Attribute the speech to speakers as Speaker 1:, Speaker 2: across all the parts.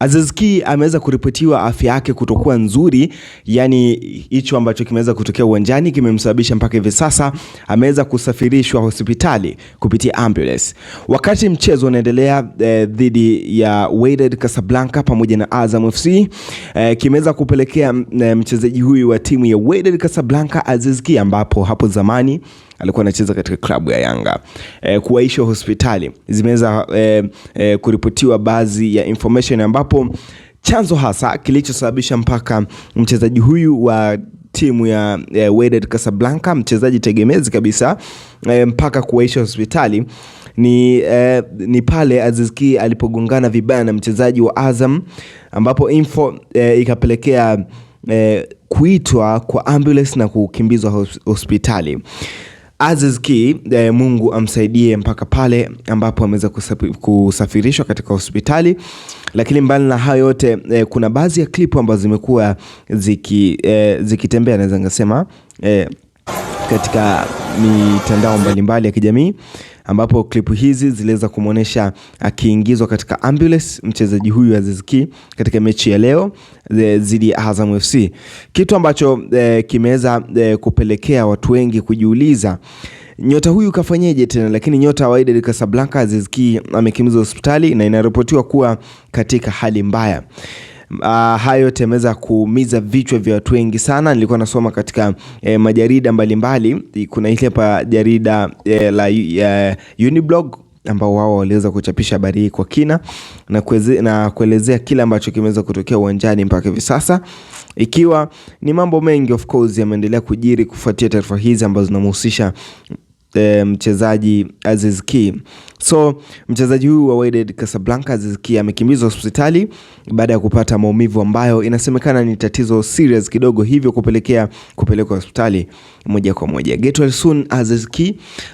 Speaker 1: Aziz Ki ameweza kuripotiwa afya yake kutokuwa nzuri, yani hicho ambacho kimeweza kutokea uwanjani kimemsababisha mpaka hivi sasa ameweza kusafirishwa hospitali kupitia ambulance. Wakati mchezo unaendelea eh, dhidi ya Wydad Casablanca pamoja na Azam FC eh, kimeweza kupelekea eh, mchezaji huyu wa timu ya Wydad Casablanca Aziz Ki ambapo hapo zamani alikuwa anacheza katika klabu ya Yanga e, kuwaishwa hospitali zimeweza e, e, kuripotiwa baadhi ya information ambapo ambapo chanzo hasa kilichosababisha mpaka mchezaji huyu wa timu ya eh, Wydad Casablanca mchezaji tegemezi kabisa e, mpaka kuwaisha hospitali ni, e, ni pale Aziz Ki alipogongana vibaya na mchezaji wa Azam ambapo info e, ikapelekea e, kuitwa kwa ambulance na kukimbizwa hospitali. Aziz Ki e, Mungu amsaidie mpaka pale ambapo ameweza kusafirishwa katika hospitali. Lakini mbali na hayo yote e, kuna baadhi ya klipu ambazo zimekuwa ziki, e, zikitembea naweza ngasema e, katika mitandao mbalimbali mbali ya kijamii ambapo klipu hizi ziliweza kumwonyesha akiingizwa katika ambulance mchezaji huyu Aziz Ki katika mechi ya leo eh, dhidi ya Azam FC, kitu ambacho e, kimeweza e, kupelekea watu wengi kujiuliza nyota huyu kafanyeje tena. Lakini nyota wa Wydad Casablanca Aziz Ki amekimbizwa hospitali na inaripotiwa kuwa katika hali mbaya. Uh, hayo yote yameweza kuumiza vichwa vya watu wengi sana. Nilikuwa nasoma katika eh, majarida mbalimbali mbali. Kuna ile pa jarida eh, la eh, Uniblog ambao wao waliweza kuchapisha habari hii kwa kina na, kweze, na kuelezea kile ambacho kimeweza kutokea uwanjani mpaka hivi sasa, ikiwa ni mambo mengi of course yameendelea kujiri kufuatia taarifa hizi ambazo zinamhusisha eh, mchezaji Aziz Ki. So mchezaji huyu wa Wydad Casablanca Aziz amekimbizwa hospitali baada ya kupata maumivu ambayo inasemekana ni tatizo serious kidogo, hivyo kupelekea kupelekwa hospitali moja kwa moja. Get well soon Aziz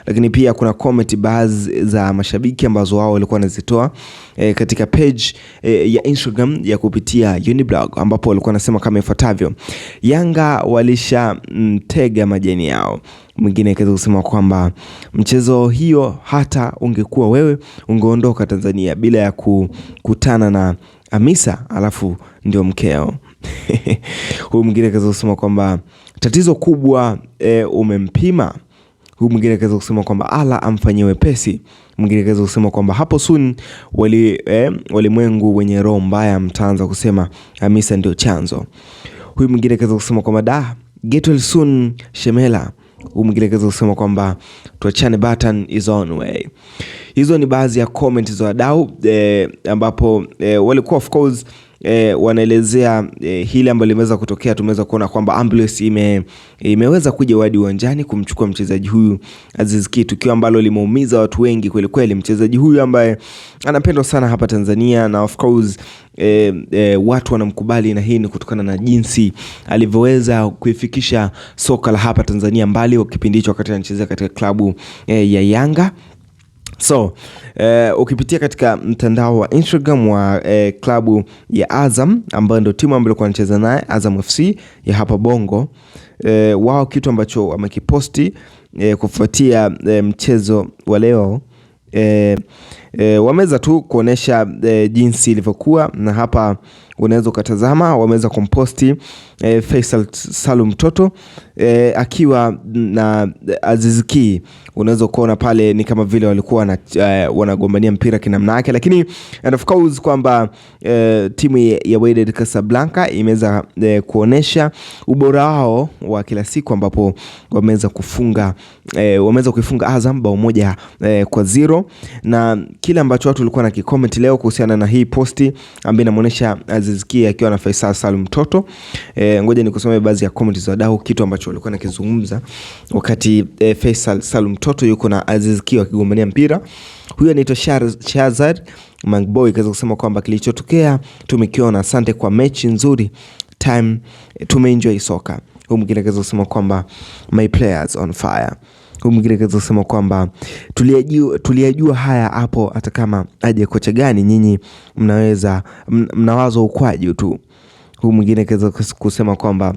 Speaker 1: Lakini pia kuna comment baadhi za mashabiki ambazo wao walikuwa wanazitoa e, katika page e, ya Instagram ya kupitia Uniblog ambapo walikuwa wanasema kama ifuatavyo: Yanga walishamtega mm, majani yao. Mwingine akaweza kusema kwamba mchezo hiyo hata unge kuwa wewe ungeondoka Tanzania bila ya kukutana na Hamisa alafu ndio mkeo. Huyu mwingine akaweza kusema kwamba tatizo kubwa e, umempima. Huyu mwingine akaweza kusema kwamba ala amfanyie wepesi. Mwingine akaweza kusema kwamba hapo soon wali e, walimwengu wenye roho mbaya mtaanza kusema Hamisa ndio chanzo. Huyu mwingine akaweza kusema kwamba da get well soon Shemela huu mwingine kaweza kusema kwamba tuachane, button is on way. Hizo ni baadhi ya comment za wadau eh, ambapo eh, walikuwa of course e, wanaelezea e, hili ambalo limeweza kutokea. Tumeweza kuona kwamba ambulance ime, imeweza kuja hadi uwanjani kumchukua mchezaji huyu Aziz Ki, tukio ambalo limeumiza watu wengi kweli kweli. Mchezaji huyu ambaye anapendwa sana hapa Tanzania na of course E, e, watu wanamkubali na hii ni kutokana na jinsi alivyoweza kuifikisha soka la hapa Tanzania mbali, kipindi hicho wakati anachezea katika klabu e, ya Yanga. So eh, ukipitia katika mtandao wa Instagram wa eh, klabu ya Azam ambayo ndio timu ambayo ilikuwa anacheza naye Azam FC ya hapa Bongo eh, wao kitu ambacho wamekiposti eh, kufuatia eh, mchezo wa leo eh, eh, wameweza tu kuonesha eh, jinsi ilivyokuwa na hapa unaweza ukatazama, wameweza kumposti e, Faisal Salum Toto e, akiwa na Aziz Ki. Unaweza kuona pale ni kama vile walikuwa na, e, eh, wanagombania mpira kinamna yake, lakini and of course kwamba e, timu ya Wydad Casablanca imeweza e, kuonesha ubora wao wa kila siku ambapo wameweza kufunga e, wameweza kuifunga Azam bao moja e, kwa zero, na kile ambacho watu walikuwa na kikomenti leo kuhusiana na hii posti ambayo inamuonesha Aziz Ki akiwa na Faisal Salum Toto e, e, ngoja nikusome baadhi ya comment za wadau, kitu ambacho walikuwa nakizungumza wakati e, Faisal Salum Toto yuko na Aziz Ki wakigombania mpira. Huyo anaitwa Shahzad Mangboy kaweza kusema kwamba kilichotokea tumekiona, asante kwa mechi nzuri time, eh, tumeenjoy soka. Huyu mwingine kaweza kusema kwamba my players on fire huyu mwingine kaweza kusema kwamba tuliyajua, tuliyajua haya hapo, hata kama aje kocha gani, nyinyi mnaweza mnawazo ukwaju tu huyu mwingine akaweza kusema kwamba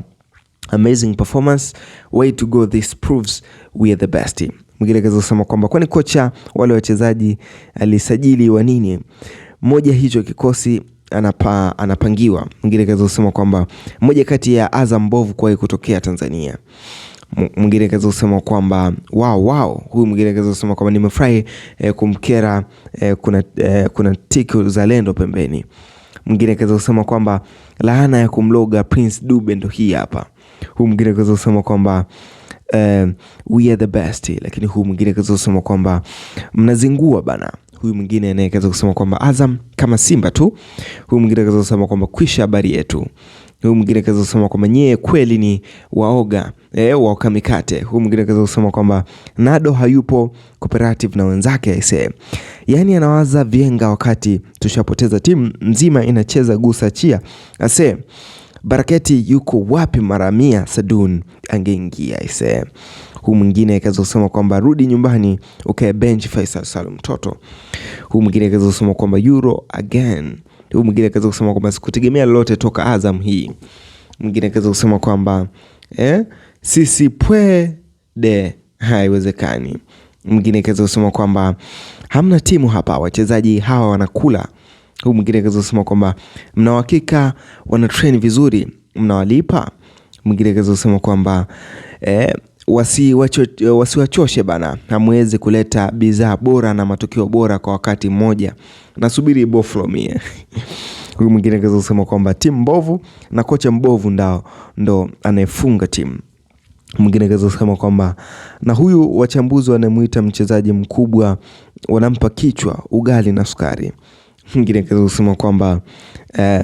Speaker 1: amazing performance, way to go, this proves we are the best team. Mwingine akaweza kusema kwamba kwani kocha wale wachezaji alisajili wa nini? Moja hicho kikosi anapa, anapangiwa. Mwingine akaweza kusema kwamba moja kati ya Azam mbovu kuwahi kutokea Tanzania. Mwingine akaweza kusema kwamba wow, wow. Huyu mwingine akaweza kusema kwamba nimefurahi eh, kumkera eh, kuna, eh, kuna tiki uzalendo pembeni Mwingine akaweza kusema kwamba laana ya kumloga Prince Dube ndo hii hapa. Huu mwingine akaweza kusema kwamba uh, we are the best, lakini huu mwingine akaweza kusema kwamba mnazingua bana. Huyu mwingine naye kusema kwamba Azam kama Simba tu. Huyu mwingine kaweza kusema kwamba kwisha habari yetu. Huyu mwingine kaweza kusema kwamba nyie kweli ni waoga e, waoka mikate. Huyu mwingine kaweza kusema kwamba Nado hayupo cooperative na wenzake aise, yaani anawaza vyenga wakati tushapoteza timu nzima inacheza gusa chia ase Baraketi yuko wapi? Mara mia Sadun angeingia ise. Huu mwingine kaweza kusema kwamba rudi nyumbani ukae bench Faisal Salum mtoto. Huu mwingine kaweza kusema kwamba euro again Huyu mwingine akaweza kusema kwamba sikutegemea lolote toka Azam hii. Mwingine akaweza kusema kwamba eh, sisi pwede, haiwezekani. Mwingine akaweza kusema kwamba hamna timu hapa, wachezaji hawa wanakula. Huyu mwingine akaweza kusema kwamba mna uhakika wana train vizuri, mnawalipa. Mwingine akaweza kusema kwamba eh, wasiwachoshe wasi bana, hamwezi kuleta bidhaa bora na matokeo bora kwa wakati mmoja. Nasubiri boflomia huyu mwingine kaweza kusema kwamba timu mbovu na kocha mbovu ndao ndo anayefunga timu. Mwingine kaweza kusema kwamba na huyu wachambuzi wanamwita mchezaji mkubwa, wanampa kichwa ugali na sukari. Mwingine kaweza kusema kwamba eh,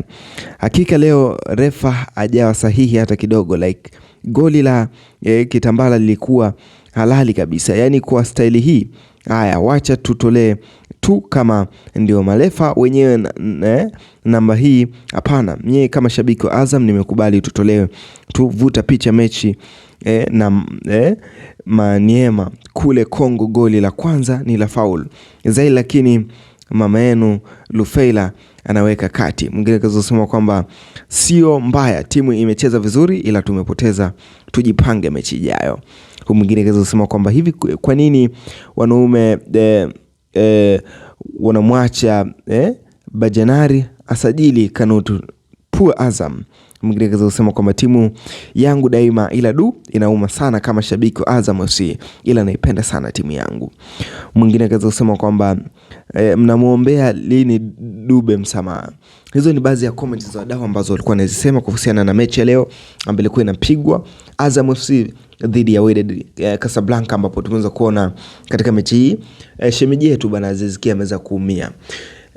Speaker 1: hakika leo refa ajawa sahihi hata kidogo like goli la eh, Kitambala lilikuwa halali kabisa, yaani kwa staili hii. Haya, wacha tutolee tu kama ndio marefa wenyewe eh, namba hii. Hapana, mie kama shabiki wa Azam nimekubali tutolewe, tu vuta picha mechi eh, na eh, Maniema kule Kongo, goli la kwanza ni la faul zaidi lakini mama yenu Lufeila anaweka kati. Mwingine kazosema kwamba sio mbaya, timu imecheza vizuri, ila tumepoteza, tujipange mechi ijayo. Huyu mwingine kazosema kwamba hivi, kwa nini wanaume eh, eh, wanamwacha eh, Bajanari asajili Kanutu? Poor Azam mwingine kaweza kusema kwamba timu yangu daima, ila du inauma sana kama shabiki wa Azam FC, ila naipenda sana timu yangu. Mwingine akaweza kusema kwamba e, eh, mnamwombea lini Dube msamaha. Hizo ni baadhi ya comments za wadau ambazo walikuwa wanazisema kuhusiana na mechi ya leo ambayo ilikuwa inapigwa Azam FC dhidi ya Wydad eh, Casablanca, ambapo tumeweza kuona katika mechi hii e, shemeji yetu bwana Aziz Ki ameweza kuumia.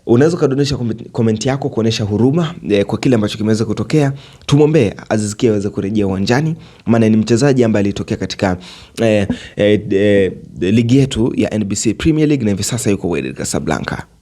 Speaker 1: Unaweza ukadondosha komenti yako kuonyesha huruma e, kwa kile ambacho kimeweza kutokea. Tumwombee Aziz Ki aweze kurejea uwanjani, maana ni mchezaji ambaye alitokea katika e, e, e, ligi yetu ya NBC Premier League na hivi sasa yuko Wydad Casablanca.